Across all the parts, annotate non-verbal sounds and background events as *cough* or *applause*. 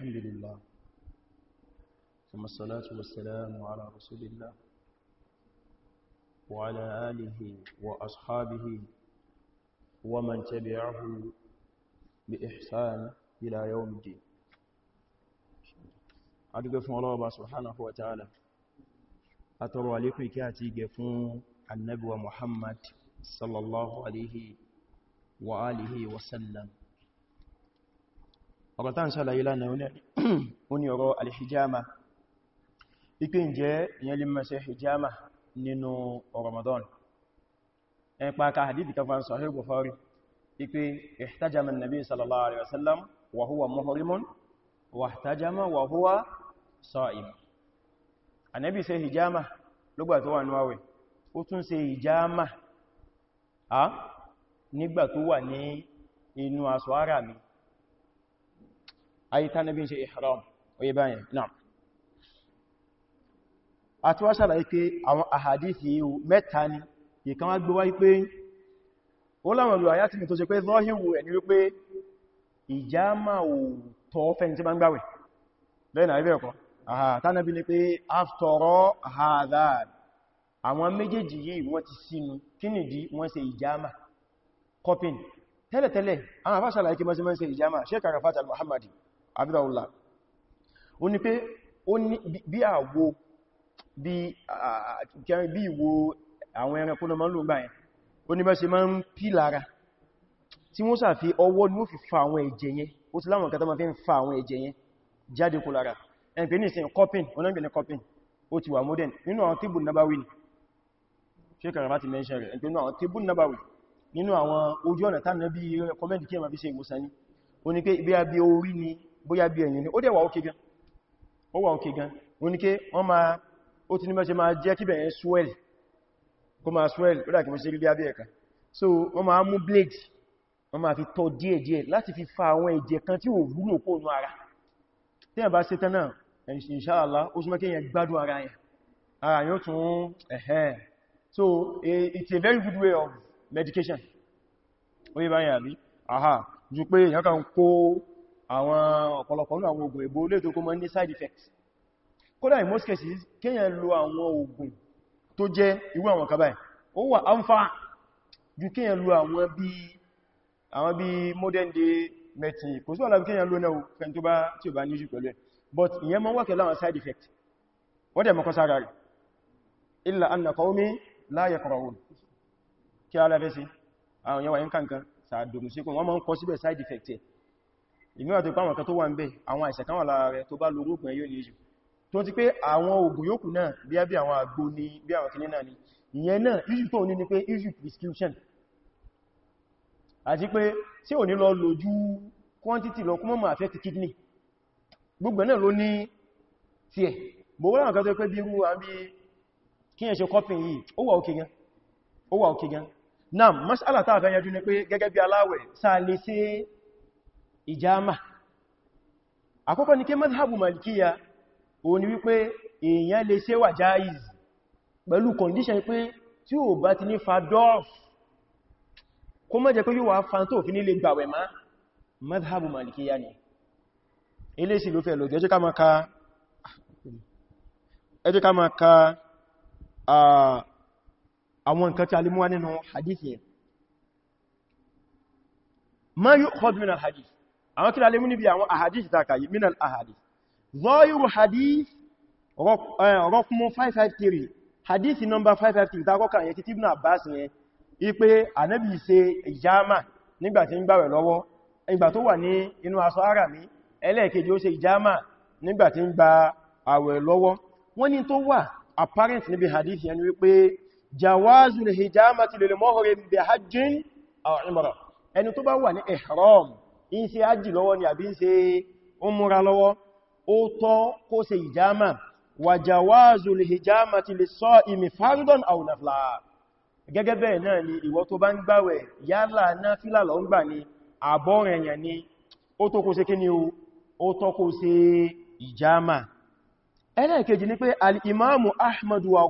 الحمد لله ثم الصلاة والسلام على رسول الله وعلى آله وأصحابه ومن تبعه بإحسان إلى يوم الدين أدوك فún الله سبحانه وتعالى أتروا عليكم كاتي فún النبي محمد صلى الله عليه وآله وسلم ọ̀rọ̀ tán ṣàlàyé lánàá ó ní *clears throat* ọ̀rọ̀ alhijama ipé ǹjẹ́ ìyẹn lè mẹ́sẹ̀ hijama nínú Ramadan ẹn pa ka hadith kan fan Sahih Bukhari ipé ihtajama nabi sallallahu alaihi wasallam wa huwa muhrimun wa ihtajama wa huwa sa'im anabi mi ayita nabi ṣe ihram oye bayan náà a ti wá ṣàlàyé pé àwọn àhàdìsì yíò mẹ́ta ni ìkan wá gbówá pé ó láwọn olùwà yá ti mi tó ṣe pé zọ́híwò ẹ̀ ní wípé ìjámà ò tọ́ fẹ́ni tí bá ń gbáwẹ̀ lẹ́yìn àríbẹ̀ ẹ̀kọ́ tánàbí ni pé aftọ̀rọ̀ hadad àwọn méjèèjì yìí wọ́n ti sínú kí nìdí wọ́n ṣe ìjámà kọpin tẹ́lẹ̀tẹ́lẹ̀ àwọn afáṣàlàyé kí mọ́ sí mọ́ sí ìjámà Sheikh abúdáwòlá ó ní pé bí àwọ bí ìwò àwọn ẹranko náà máa ń lò gbà yẹn ó ní mẹ́sẹ̀ máa ń pí lára tí wọ́n sàfi ọwọ́ ní ó fi fa àwọn ẹ̀jẹ̀ yẹn ó ti láwọn kàtàmà fi ń fa àwọn ẹ̀jẹ̀ yẹn jáde kó lára ẹn modern nínú àwọn nabawi ni ṣe kàrà bá ti nabawi nínú àwọn ojú ọ̀nà tánàbí recommend kí ẹ ma fi ṣe ni bóyá bí ẹ̀yìn ni ó dẹ̀ wà ókè gan ó wà ókè gan wọ́n ní ké wọ́n máa ó ti ní mẹ́ṣe máa jẹ́ kíbẹ̀ ẹ̀ swell kó máa swell ó dàkí mẹ́ṣe rí abẹ́ ẹ̀ka so it's a very good way of medication ó báyìí àbí aha ju pé èèyàn kan kó àwọn ọ̀pọ̀lọpọ̀ ní àwọn oògùn èbó lè tó kó mọ́ ní side effects kódà in most cases kéyàn lo àwọn oògùn tó jẹ́ ìwé àwọn kàbáyì ó wà ánfà ju kéyàn lo àwọn bí àwọn bí modern day medicine kò sí ọ̀lá kéyàn lo náà fẹ́ tó bá tí ò bá níjú pẹ̀lú ẹ̀ but ìyẹn mọ́ wọ́kẹ̀ láwọn side effects. wọ́n dẹ̀ mọ́kọ́ sára rẹ̀ illa anna la yaqra'un kí aláfẹ́ sí àwọn yẹwà yín kankan sàádùn sí kún wọ́n mọ́ ń kọ síbẹ̀ side effect ìmìíràn tó pàwọn kan tó wà ń bẹ àwọn àìsàn kan wà lára rẹ tó bá lo orúkùn yóò ní èjì tó ti pé àwọn oògùn yòókù náà bí i àwọn àgbo ni bí àwọn kìnnì náà ni ìyẹn náà issue tó ní ni pé issue prescription àti pé tí ò ní lọ lójú quantity lọ kúmọ́ ma affect kidney gbogbo náà ló ní tí ẹ̀ bó wọ́n kan tó pé bí irú àbí kí ẹ̀ ṣe copying yìí ó wà òkè gan ó wà òkè gan náà mas'ala tá a ni pé gẹ́gẹ́ bí aláwẹ̀ sáà lè ṣe ìjámà àkọ́kọ́ ní kí mazhabu malikiya ó ní wípé èèyàn lè ṣe wà jáìz pẹ̀lú condition pé tí ó bá ti ní fadọ́f kó má jẹ́ pé yíwa fantó fi nílé gbàwẹ̀ má mazhabu malikiya ni ilé ló fẹ́ lòdì ẹjẹ́ ká máa a lè mú wá nínú hadith yẹn ma yu'khadh min al-hadith àwọn kí lálé mú níbi àwọn ahadith ta kàyí minal ahadith zọ́yìrù hadith rọ́kùnmọ́ 553 hadith number 553 ta kọ́kà yẹn títí Ibn Abbas yẹn ipé Ànábì ṣe ìjámà nígbàtí ń gbàwẹ̀ lọ́wọ́ ìgbà tó wà ní inú aṣọ ara mi ẹlẹ́ẹ̀kejì ó ṣe ìjámà nígbàtí ń gba àwẹ̀ lọ́wọ́ wọ́n ní tó wà apparent níbi hadith yẹn wípé jawazul hijamati lil muhrim bi ẹni tó bá wà ní ihram ń ṣe ájì lọ́wọ́ ni àbí ń ṣe umura lọ́wọ́ ó tọ́ kó ṣe ìjámà wà jàwázù lè hijama ti lè sọ ìmì fardon aw nafla gẹ́gẹ́ bẹ́ẹ̀ náà ni ìwọ tó bá ń gbàwẹ̀ yálà náfílà lọ ń gbà ní àbọ́rẹ̀yàn ni ó tó kó ṣe kíni o ó tọ́ kó ṣe ìjámà ẹlẹ́ẹ̀kejì ni pé al-imamu ahmad wa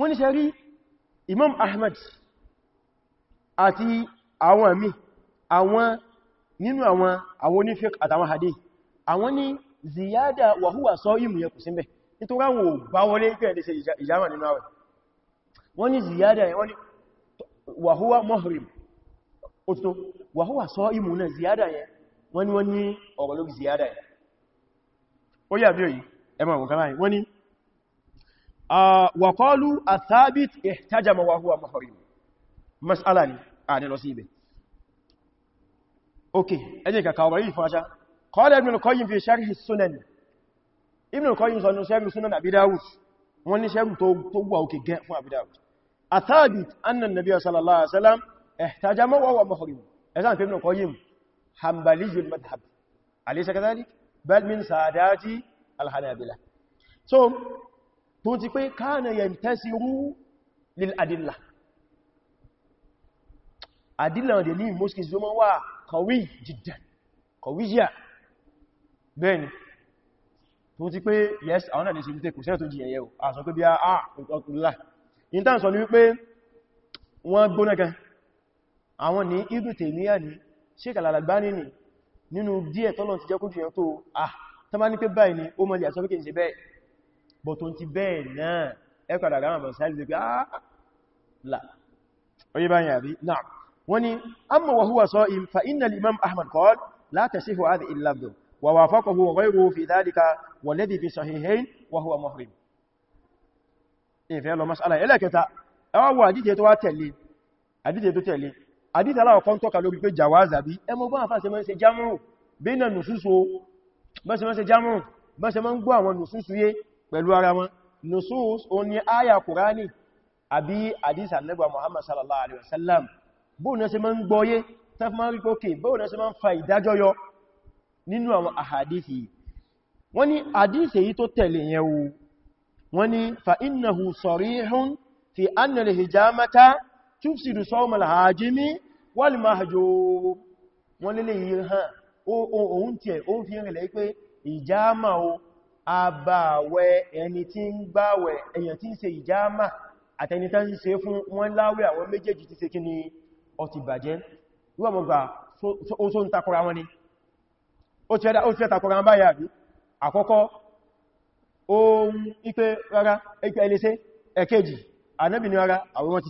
wọ́n ní sẹ́rí Imam Ahmad àti àwọn àmì àwọn nínú àwọn àwọn onífẹ́k àtàwọn hadith àwọn ní ziyada wàhúwà sọ ìmù yẹ kù símbẹ̀ nítorí àwọn ò bá wọlé ìpẹ́ẹ̀lẹ́ ṣe ìjámà nínú àwẹ̀ wọ́n ní ziyada wọ́n ní wàhúwà muhrim òtò wàhúwà sọ ìmù náà ziyada yẹ wọ́n ní wọ́n ní ọ̀rọ̀lógún ziyada yẹ ó yà bí òyí ẹmọ̀ آه وقالوا الثابت احتجم وهو محرم مسألة لي عن آه، الوسيبة أوكي أجيك كاوري إيه، فاشا قال ابن القيم في شرح السنن ابن القيم صنع شرح السنن أبي داود وأن شرح توقع أوكي جاء فون أبي داود الثابت أن النبي صلى الله عليه وسلم احتجم وهو محرم أسان في ابن القيم حنبلي المذهب أليس كذلك بل من سادات الحنابلة so tó ti pé káàna yẹn tẹ́sí rú lil adìlà adìlà ọ̀dẹ̀ ní mosque zoma wà kọ̀wí jìdà kọ̀wí yà bẹ́ẹ̀ni tó ti pé yes àwọn náà lè ṣe mítẹ̀ kò sẹ́ tó jì ẹ̀yẹ o àṣọ pé bí a ọkùnlá in tán sọ ní wípé wọ́n gbóná gan àwọn ní ibù tèmíyà ní Sheikh Al-Albani ní nínú tó ah tán bá ní pé báyìí ni ó mọ̀ lè àṣọ pé kìí ṣe bẹ́ẹ̀ bọ̀ tó ti bẹ́ẹ̀ náà ẹ́kọ̀dà gáwọn bọ̀ sáàlì pé ààlà ah, oye bá yà rí náà wọ́n ni amma wa huwa sa'im fa inna al-imam ahmad qala la tasihu hadhihi al-labd wa wafaqahu wa ghayruhu fi dhalika walladhi fi sahihayn wa huwa muhrim wà tẹ̀lé hadith tó tẹ̀lé ṣe man ṣe jamu bina ṣe man ṣe gbọ́ àwọn nususu ye pẹ̀lú ara wọn nusus o ní àyà kùránì àbí àdísà nẹ́gbà Muhammad sallallahu alaihi wasallam bóò ní ṣe máa ń gbọ́yé tẹ́fì máa ń rí kókè bóò ní ṣe máa ń fa ìdájọ́ yọ nínú àwọn àhàdísì wọ́n ní àdísì yìí tó tẹ̀lé yẹn o wọ́n ní fa innahu sarihun fi anna fi rìnlẹ̀ pé ìjámà o àbàwẹ̀ ẹni tí ń gbàwẹ̀ èyàn tí ń ṣe ìjáàmà àtẹni tán ń ṣe fún wọn láwẹ̀ àwọn méjèèjì ti ṣe kí ni ó ti bàjẹ́ wọ́n mọ̀ gbà ó tó ń takora wọn ni ó ti ẹ́ takora wọn báyà bí àkọ́kọ́ ohun ipé rárá ipé ẹlẹ́sẹ́ ẹ̀kẹ́jì anábìnrin rárá àwọn wọn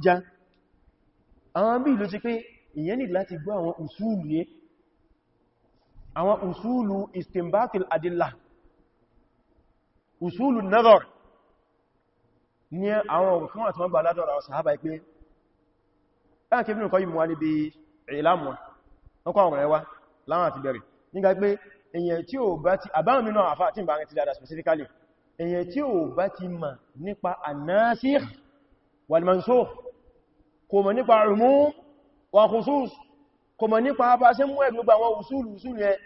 usulu nazar ní àwọn òkun àti wọ́n gbà látọ̀rọ̀ àwọn sàhábà pé ẹ̀yà kí ibùn kọ́ yìí mú wá níbi ìlàmù wọn kọ́ àwọn ẹwà láwọn àti bẹ̀rẹ̀ nígbà pé èyàn tí ó bá ti àbáwọn mínú àfá tí bá rẹ̀ ti dáadáa specifically èyàn tí ó bá ti mà nípa an-nasikh kò mọ̀ nípa umum wa khusus kò mọ̀ nípa bá ṣe mú ẹ̀gbọ́gbà àwọn usulu usulu yẹn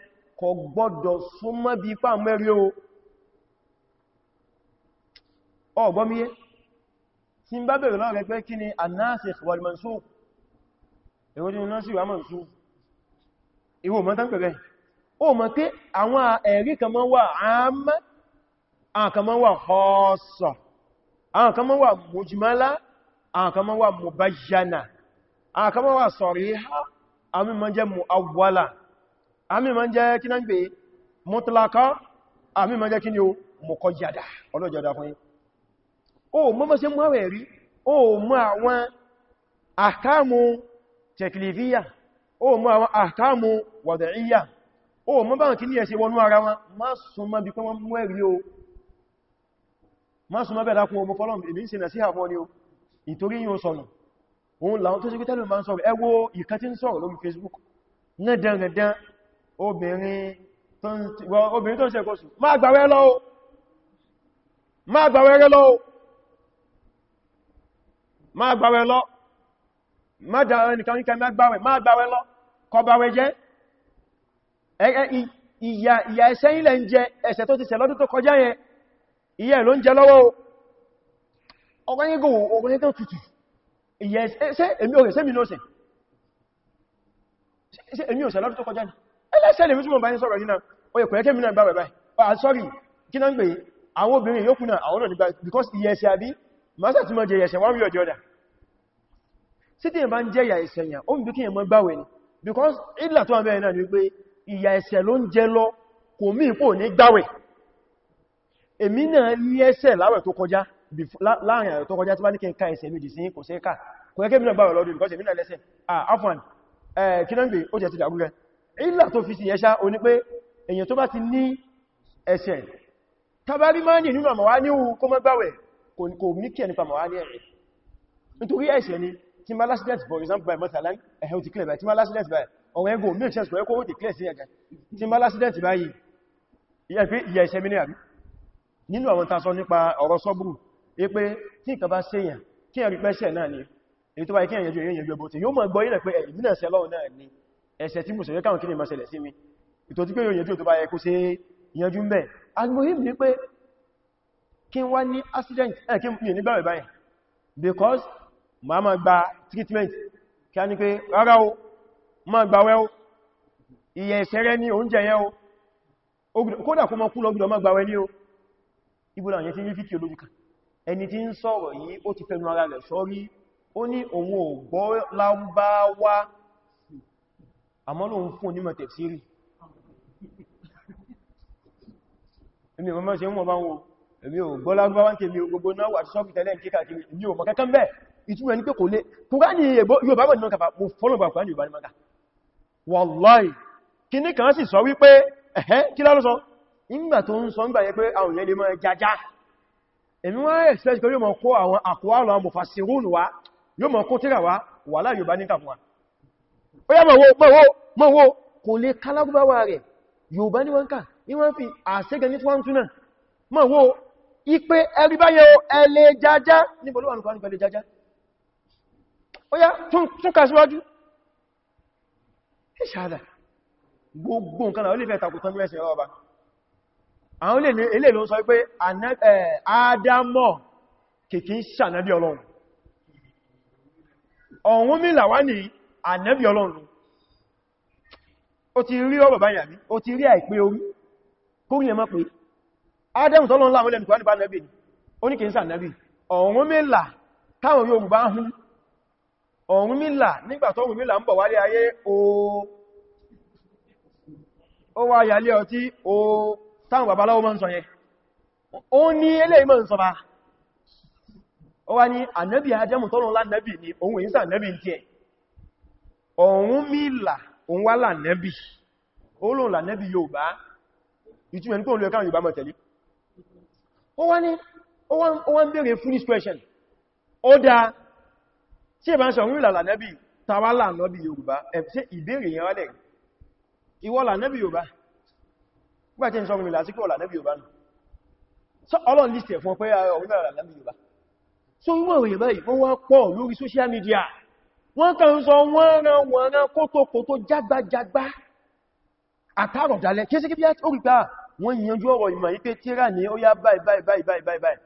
kò gbọ́dọ̀ súnmọ́ bí pàmẹ́rí o ọgbọ́míyé tí ń bá bèèrè náà rẹ̀ pé kí ni annasikh wal mansukh èwo ni nasikh wal mansukh ìwò mọ́ tán pẹ̀rẹ̀ o mọ̀ pé àwọn ẹ̀rí kan máa wà àmá àwọn kan máa wà khassa àwọn kan máa wà mujmala àwọn kan máa àmì máa jẹ́ kí náà ń pè mutlaqa ọlọ́jọ́dá fún yí o mọ́mọ́ sí mọ́wẹ̀ rí o mọ́ àwọn àkámù tẹ̀kìlìfíyà o mọ́ àwọn àkámù wàdàíyà o mọ́ bá kí ní ẹ̀ṣẹ́ wọnú ara wọn má súnmọ́ bí kọ́wọ́n mọ́ ẹ̀rí o má súnmọ́ bẹ́ẹ̀ dákun ogun fọ́lọ́m èmi ń ṣe nà sí àfọ́ ni o ìtorí yíò sọ̀nà òun làwọn tó ṣe tẹ́lù máa ń sọ̀rọ̀ ẹ wo ìkan tí ń sọ̀rọ̀ lórí Facebook náà dandandan obìnrin tó ń ṣe kọsù má gbàwẹ́ lọ́wọ́ má gbàwẹ̀ lọ má dára ẹnìkan níkan má gbàwẹ̀ má gbàwẹ̀ lọ kọ bàwẹ̀ jẹ́ ìyà ẹ̀ṣẹ̀ ilẹ̀ ń jẹ ẹ̀ṣẹ̀ tó ti ṣẹ̀ lọ́dún tó kọjá yẹn ìyà ló ń jẹ lọ́wọ́ ọgbẹ́yẹ́gò ọgbẹ́yẹ́ tó tutù ìyà ẹ̀ṣẹ̀ èmi òṣẹ̀ mi lóṣẹ̀ èmi òṣẹ̀ lọ́dún tó kọjá ní ẹlẹ́ṣẹ̀ lè mítúmọ̀ báyìí sọ̀rọ̀ nínú oyè kòyẹ́kẹ́ mi náà gbàwẹ̀ báyìí masa ti mọ́ jẹyẹ ẹ̀ṣẹ̀ wọ́n yọ jọ́dá sí tí ìbá ń jẹyà ẹ̀ṣẹ̀ yà ó bí kí ẹmọ gbáwẹ̀ ni because ìdílà tó àmẹ́ náà ni pé ìyà ẹ̀ṣẹ̀ ló ń jẹ lọ kò mí ipò ní gbáwẹ̀ èmi náà ní ẹ̀ṣẹ̀ láwẹ̀ tó kọjá láàrin àwẹ̀ tó kọjá tí bá because èmi náà ah afwan eh kí náà ń gbé ó jẹ ti dàgúrẹ́ ìlà tó fi sí ẹ̀ṣá o ní pé èyàn tó bá ti kò míkí ẹni pa mọ̀wá ní ẹ̀rẹ̀ nítorí ẹ̀ṣẹ̀ ni tí ma lásìlẹ̀t for example by mọ́tàlá ẹ̀hẹ́ òtí clear by tí ma lásìlẹ̀t by ọ̀rọ̀ ẹgbò make sense kò ẹkọ́ òtí clear sí ẹ̀gà tí ma lásìlẹ̀t báyìí ìyà ẹ̀ṣẹ̀ mi ní àbí nínú àwọn tasọ nípa ọ̀rọ̀ ni èyí tó bá kí ẹ̀yẹjú èyí ẹgbẹ̀bọ̀ tí yóò mọ̀ gbọ́ ilẹ̀ pé ẹ̀yìn náà ṣẹlọ́ náà ni ẹ̀ṣẹ̀ tí mo sọ yẹ káwọn kí ni ma ṣẹlẹ̀ sí mi ìtò tí pé yóò yẹjú tó bá yẹ kó kí wá ní accident ẹ̀kí mi nígbà rẹ̀ báyìí because ma ma gba treatment kí a ní pé rárá o ma gba wẹ́ o ìyẹ̀ ìṣẹ́rẹ́ ní oúnjẹ yẹn o kódà kó ma kú lọ́gbùdọ̀ ma gba wẹ́ ní o ibùdó àyẹ́ tí ní fíkì olójúkà ẹni tí ń sọ̀rọ̀ yìí ó ti fẹnu ara rẹ̀ sọ́rí ó ní òun ò gbọ́ lábáwá àmọ́ lóun fún onímọ̀ tẹ̀síìrì èmi ìwọ̀n mọ́ ṣe ń wọ́n bá wọn èmi ò gbọ́lágbá wá ń tèmi gbogbo náà wà ṣọ́pù tẹ́lẹ̀ kíkàkiri ní òmọ̀ kankan bẹ́ẹ̀ ìtumọ̀ ní pé kò lé kùránì yóò bá mọ̀ nínú kàfà mo fọ́lọ̀bà kùránì yóò bá ní mọ́ká wallahi kí ní kan sì sọ wípé ẹ̀hẹ́ kí láró sọ ìgbà tó ń sọ ń gbàyẹ pé àwọn yẹn lè mọ́ jaja èmi wọ́n express pé yóò mọ̀ kó àwọn àkọwàlọ̀ àwọn mufassirun wa yóò mọ̀ kó tíra wa wà láì yóò bá ní kàfà ó yá mọ̀ wo mọ̀ wo kò lè kálágbáwà rẹ̀ yóò bá ní wọ́n ká ní wọ́n fi àṣẹ́gẹ̀ ní 21 náà mọ̀ wo ipe ẹ̀rí báyẹ̀ ẹlẹ́ jájá níbo ló wà nìkan nípa ẹlẹ́ jájá ó yá tún kà síwájú ìṣàdà gbogbo nǹkan àwọn olèfẹ́ takùtàn ní ẹsẹ̀ ọba àwọn olè ló ń sọ pé àádámọ̀ kìkí sànábí ọlọ́run ọ̀hún mi làwá ní ànábí rí ẹmọ́ pé adam tọ́lọ́n láwọn ilẹ̀ nìkan nípa nẹ́bì oníkẹ̀ẹ́sà nẹ́bì Ọ̀rúnmìlà táwọn yóò bá hún Ọ̀rúnmìlà nígbà tó Ọ̀rúnmìlà ń bọ̀ wálé ayé o wá yàlé ọtí o táwọn babaláwo mọ́ ń sọ yẹn ó ní ilé ìmọ̀ ń sọba ó ni òun èyí sà nẹ́bì ń tiẹ̀ Ọ̀rúnmìlà òun wá là nẹ́bì ó lòun là nẹ́bì yóò bá ìtumẹ̀ ní òun lè káwọn Yorùbá tẹ̀lé ó wá ní ó wá ń bèèrè foolish question ó dá tí ẹ̀bá ń sọ orílẹ̀ lànẹ́bì tàwà lànẹ́bì yorùbá ẹ̀fẹ́ ìbéèrè yẹn wádẹ̀ ìwọ lànẹ́bì yorùbá gbájẹ́ ń sọ orílẹ̀ àti pọ̀ lànẹ́bì yorùbá nù sọ ọlọ́n list ẹ̀ fún ọpẹ́ orílẹ̀ lànẹ́bì so wọ́n rẹ̀ báyìí wọ́n wá social media wọ́n kàn ń sọ wọ́n ran wọ́n ran kótókótó jágbájágbá àtàrọ̀dálẹ̀ kí é sí kí bí á ó rí pé ah, wọ́n yanjú ọ̀rọ̀ ìmọ̀ yí pé tíra ní ó yá báyìí báyìí báyìí báyìí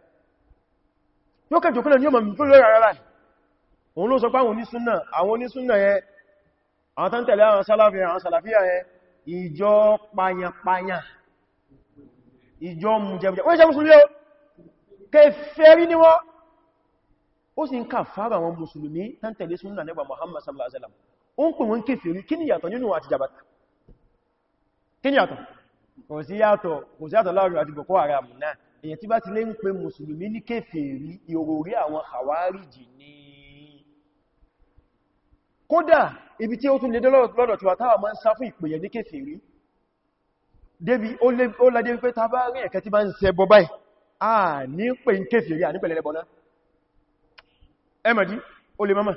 yóò kẹjọ kúrò ní ọmọ mi fúrò rárá òun ló sọ pé àwọn onísúnnà àwọn onísúnnà yẹn àwọn tán tẹ̀lé àwọn sálàfíà àwọn sálàfíà yẹn ìjọ payapaya ìjọ mùjẹmùjẹ wọ́n iṣẹ́ mùsùlùmí ó kèfèrí ni wọ́n ó sì ń kà fara àwọn mùsùlùmí tán tẹ̀lé súnnà nígbà Muhammad sallallahu alaihi wasallam ó ń pè wọ́n kèfèrí kí ni yàtọ̀ nínú àti jàbàtà kí ni yàtọ̀ kò sí yàtọ̀ kò sí yàtọ̀ láàrin àti Boko Haram náà èyàn tí bá ti lé ń pe mùsùlùmí ní kèfèrí ìhòòrí àwọn Khawarij ní kódà ibi tí ó tún lè lọ́dọ̀ tí wà táwà máa ń sá fún ìpèyẹ ní kèfèrí débi ó ládé wípé ta bá rí ẹ̀kẹ́ tí bá ń ṣe bọ́ báyìí a ní pè ń kèfèrí à ní pẹ̀lẹ̀ lẹ́bọ̀ná ẹmọ̀dí ó lè mọ́mọ̀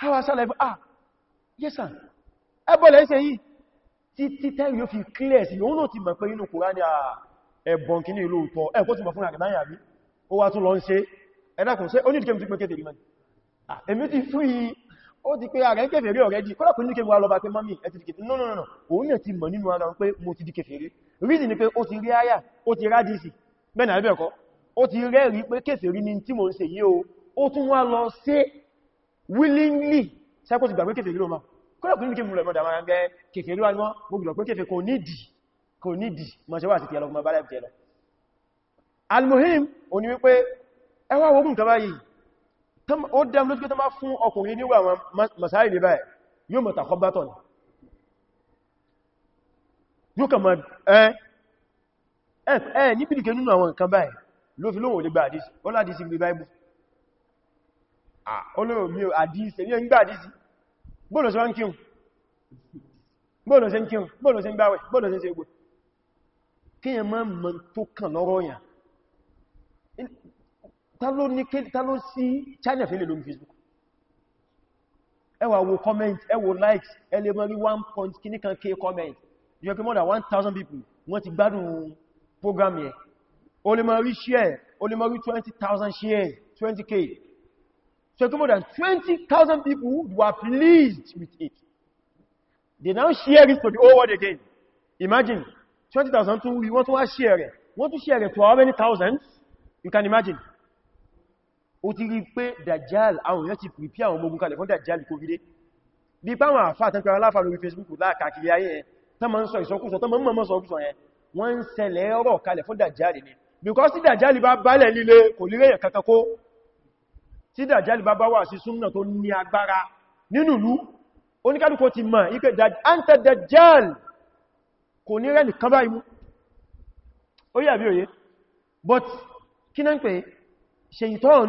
ha wá sálẹ̀ ah, ẹbọ́lẹ̀ ń ṣe yìí títí tẹ́rì ló fi clear sí òun ló ti mọ̀ pé inú Kùránì ẹ̀bọ̀n kí ní ìlú òtọ́ ẹ̀kọ́ ti mọ̀ fún àgbáyà rí ó wá tún lọ ń ṣe ẹ̀dàkùn ṣe ó ní ìdíkẹ́ mẹ́kẹ́ tèrí mẹ́rin èmi ti fún yí ó ti pé ààrẹ kèfèrí already kọ́lọ̀kùn ní kẹwàá lọba pé mami ẹ ti di kèfèrí no no no òun náà ti mọ̀ nínú ara pé reason ni pé ó ti rí àyà ó ti rádìsì bẹ́ẹ̀nà àbẹ́ẹ̀kọ́ ó ti rẹ́rí pé kèfèrí ni tí mo ń ṣe yí willingly sẹ́kọ́ ti gbà pé kọ́lọ̀ kò ní kí múlẹ̀ mọ́dá máa ń gẹ́ kèfè rí wá ní wọ́n gbogbo pé kèfè kò nídì kò nídì ma ṣe wà sí tẹ́lọ ma bálẹ̀ tẹ́lọ almuhim o ni wípé ẹwà ogun kaba yìí ó dám lójú tó máa fún ọkùnrin níwà àwọn masáyì ní ni yóò kà ma ẹ́ ẹ́ níbi ìkẹ́ nínú àwọn nǹkan báyìí ló gba àdísì bóòlò sí wọ́n kíun bóòlò sí kíun bóòlò sí gbáwẹ̀ bóòlò sí ṣe gbò kí yẹn máa mọ̀ tó kàn lọ́rọ̀ yàn ta ló sí china fi lè lórí facebook ẹ wo comment ẹ likes ẹ lè mọ́ rí 1. kìníkan k comment yọ kí more than 1000 people wọ́n ti gbádùn program yẹn o lè mọ́ share o lè mọ́ rí 20,000 share 20k So more than 20,000 people who were pleased with it. They now share it to the whole world again. Imagine, 20,000 people we want to share it. Want to share it to how many thousands? You can imagine. Ó ti rí pé Dajjal àwọn èèyàn ti prepare àwọn ọmọ kalẹ̀ fún Dajjal kó vidé. Bí pa àwọn àfáà tán pẹ̀rọ aláfà lórí Facebook láàkàkiri ayé ẹ, tán máa ń sọ ìsọkúsọ, tán máa ń mọ́ sọkúsọ ẹ, wọ́n ń ṣẹlẹ̀ ọ̀rọ̀ kalẹ̀ fún Dajjal ni. Because tí Dajjal bá bálẹ̀ líle kò lérè kankan kó tí dàjálì bá bá wà sí súnnà tó ní agbára nínú ìlú oníkálùkò ti mọ̀ ipé àǹtẹ̀ dàjálì kò ní rẹ̀ nìkan báyìí mú ó yà bí òye but kí náà ń pè ṣèyìtọ́n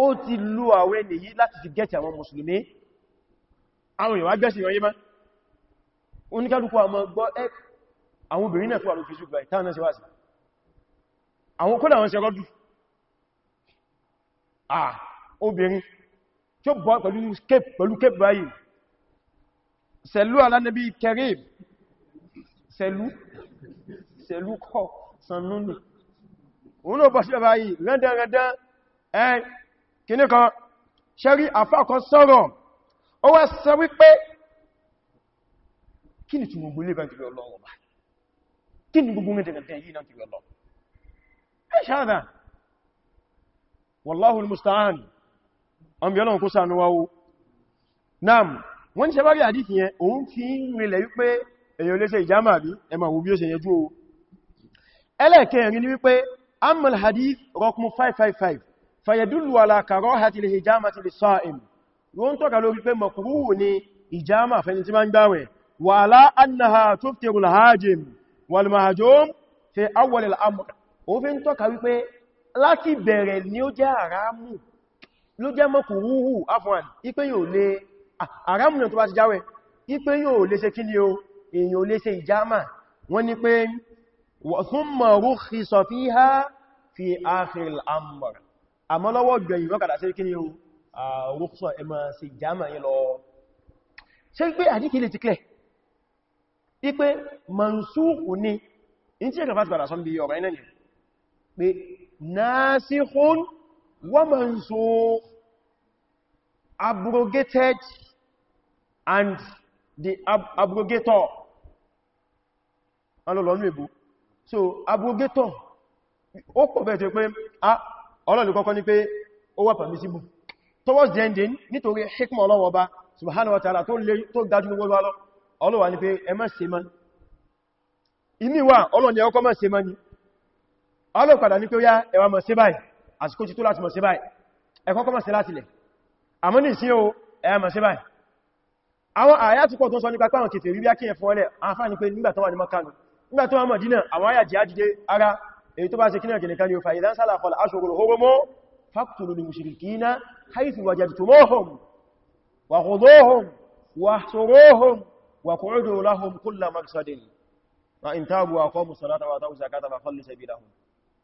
ó ti lú àwẹ́ nìyí láti fi gẹ́ẹ̀tì àwọn mùsùlùmí àwọn ìwà gbẹ́sì ìrọ̀yé má oníkálùkù àmọ́ gbọ́ ẹ́ àwọn obìnrin náà tó wà ló fi ṣùgbà ìtànà síwáṣì àwọn kódà wọn ṣe rọ́dù ah obìnrin tí ó bọ́ pẹ̀lú cape pẹ̀lú cape báyìí sẹ̀lú alánàbí kẹrìb sẹ̀lú sẹ̀lú kọ́ sannúnù òun náà bọ́ sí báyìí rẹ́dẹ̀rẹ́dẹ́ ẹ kìní kan ṣẹ́rí àfákan sọ́rọ̀ ó wá sọ wípé kí ni túnmù gbólé bẹ́ẹ̀ kìí ọlọ́run bá kí ni gbogbo rẹ̀ dẹ̀rẹ̀dẹ̀ yìí náà kìí ọlọ́run wallahu almusta'an an bi Ọlọ́run kó ṣàánú wa o nam wọ́n ṣe bá rí hadith yẹn òun fi ń rinlẹ̀ wípé èyàn lè ṣe ìjámà bí ẹ ma wo bí ó ṣe yẹjú o ẹlẹ́ẹ̀kẹ́rin ni wípé amal hadith rokmu 555 fayadullu ala karahati lil hijamati lis sa'im wọ́n tọ́ka lórí pé makruhu ni ìjámà fẹ́ni tí ma ń gbáwẹ̀ wa annaha tuftiru al hajim wal mahjum fi awwal al amr òfin tọ́ka wípé láti bẹ̀rẹ̀ ni ó jẹ́ àrámù ló jẹ́ mọ́kù rúhù afọ́n ipé yóò lè àrámù náà tó bá ti jáwẹ́ ipé yóò lè ṣe kí ni o èyàn lè ṣe ìjámà wọ́n ní pé thumma rukhisa fiha fi akhir al-amr àmọ́ lọ́wọ́ gbẹ̀yìn wọ́n kàdà sí kí ni o ti klẹ̀ ipé mansukh ni in ọ̀rọ̀ ẹ̀nà ni pé nasikhun wa mansukh abrogated and the ab abrogator alọ́lọ́ ní so abrogator ó pọ̀ bẹ̀ẹ̀ tó pé ọlọ́lù kọ́kọ́ ní pé ó wà permissible towards the ending nítorí hikmọ̀ ọlọ́wọ́ bá subhanahu wa ta'ala tó dájú gbogbo ọlọ́wà ní pé ẹ má ṣe mọ́ ìmíwà ọlọ́ni ẹkọ́ má ṣe mọ́ ni ọlọ́pàdà ní pé ó yá ẹwà mọ̀ sí báyìí àsìkò ti tó láti mọ̀ sí báyìí ẹ̀kọ́kọ́ mọ̀ sí láti lẹ̀ àmọ́ ní sí o ẹwà mọ̀ sí báyìí àwọn àyà tí pọ̀ tó sọ nípa pàwọn kèfè rí bí fún ọlẹ̀ wa khuduhum wa hsuruhum wa wa in tabu wa aqamu salata wa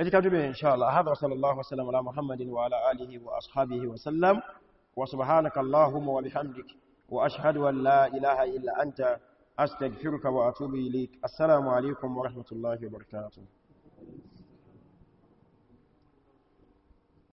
اتكاجبه إن شاء الله هذا وصلى الله وسلم على محمد وعلى آله وأصحابه وسلم وسبحانك اللهم وبحمدك وأشهد أن لا إله إلا أنت أستغفرك وأتوب إليك السلام عليكم ورحمة الله وبركاته